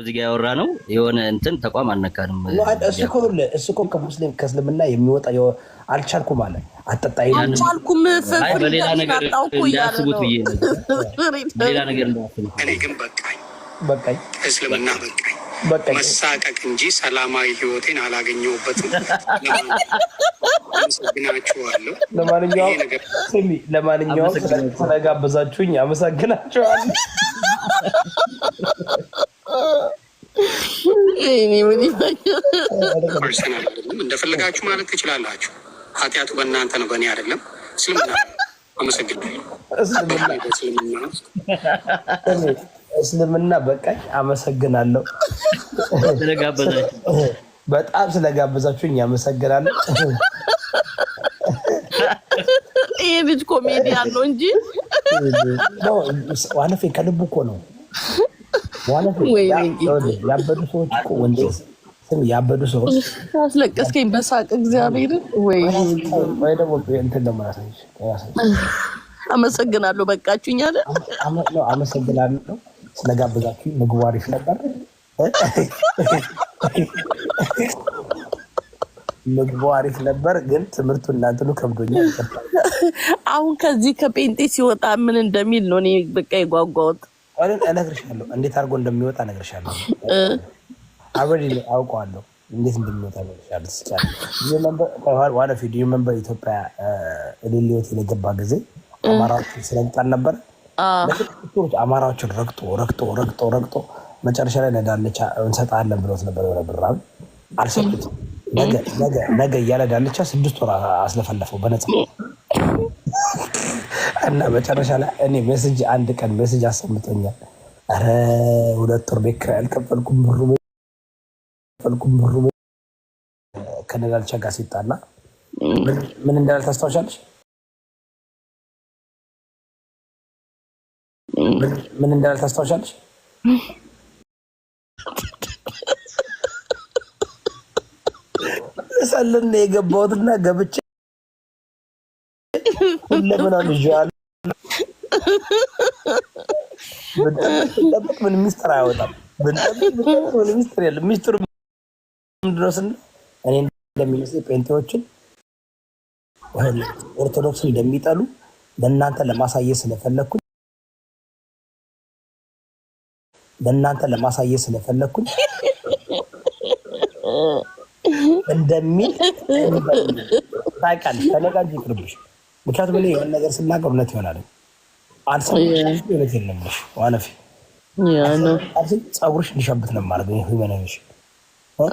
እዚህ ጋር ያወራ ነው የሆነ እንትን ተቋም አልነካንም። እሱ እኮ ከሙስሊም ከእስልምና የሚወጣ አልቻልኩም አለ አጠጣይ አልቻልኩም በሌላ ነገር እንዳያስቡት ብዬ ሌላ ነገር እኔ ግን በቃኝ በቃኝ እስልምና በቃኝ መሳቀቅ እንጂ ሰላማዊ ህይወቴን አላገኘሁበትም። አመሰግናችኋለሁ። ለማንኛውም ስለጋበዛችሁኝ አመሰግናችኋለሁ። ፐርሰናል አይደለም። እንደፈለጋችሁ ማለት ትችላላችሁ። ኃጢአቱ በእናንተ ነው፣ በእኔ አይደለም። እስልምና አመሰግናለሁ። እስልምና በቃኝ። አመሰግናለሁ በጣም ስለጋበዛችሁኝ አመሰግናለሁ። ይህ ልጅ ኮሜዲያን ነው እንጂ ዋለፌ ከልብ እኮ ነው። ያበዱ ሰዎች ወንዶች ስም ያበዱ ሰዎች አስለቀስከኝ በሳቅ እግዚአብሔርን። ወይ አመሰግናለሁ ስለጋበዛችሁኝ። ምግቡ አሪፍ ነበር። ምግቡ አሪፍ ነበር፣ ግን ትምህርቱ እናንትኑ ከብዶኛል። አሁን ከዚህ ከጴንጤ ሲወጣ ምን እንደሚል ነው እኔ በቃ የጓጓሁት። ቆልን እነግርሻለሁ፣ እንዴት አድርጎ እንደሚወጣ እነግርሻለሁ። አብሬ አውቀዋለሁ እንዴት እንደሚወጣ እነግርሻለሁ። ዋን ኦፍ ዩ ሪመምበር ኢትዮጵያ እልል ሆቴል የገባ ጊዜ አማራዎች ስለምጣን ነበር። አማራዎችን ረግጦ ረግጦ ረግጦ ረግጦ መጨረሻ ላይ ነዳለቻ እንሰጣለን ብሎት ነበር። የሆነ ብር አልሰጡት ነገ ነገ ነገ እያለ ዳልቻ ስድስት ወር አስለፈለፈው በነፃ እና መጨረሻ ላይ እኔ ሜሴጅ አንድ ቀን ሜሴጅ አሰምቶኛል። ኧረ ሁለት ወር ቤት ኪራይ አልከፈልኩም ብሩ አልከፈልኩም ብሩ ከነዳልቻ ጋር ሲጣላ ምን እንዳለ ታስታውሻለሽ? ምን እንዳለ ታስታውሻለሽ? ሰልን የገባሁትና ገብቼ ሁለምና ልዋል ብንጠብቅ ምን ሚስጥር አይወጣም ብንጠብቅ ምን ሚስጥር የለም። ሚስጥሩ ምንድን ነው ስንል እኔ እንደሚመስል ኦርቶዶክስን እንደሚጠሉ ለእናንተ ለማሳየት ስለፈለግኩኝ ለእናንተ ለማሳየት ስለፈለግኩኝ እንደሚል ታውቂያለሽ። ተለቃጅ ይቅርብሽ ምክንያቱም እኔ የሆነ ነገር ስናገር እውነት ይሆናል። አልሰማሁም እውነት የለም ዋለፊ ፀጉርሽ እንዲሸብት ነው የማደርገው። ይመነሽ ነው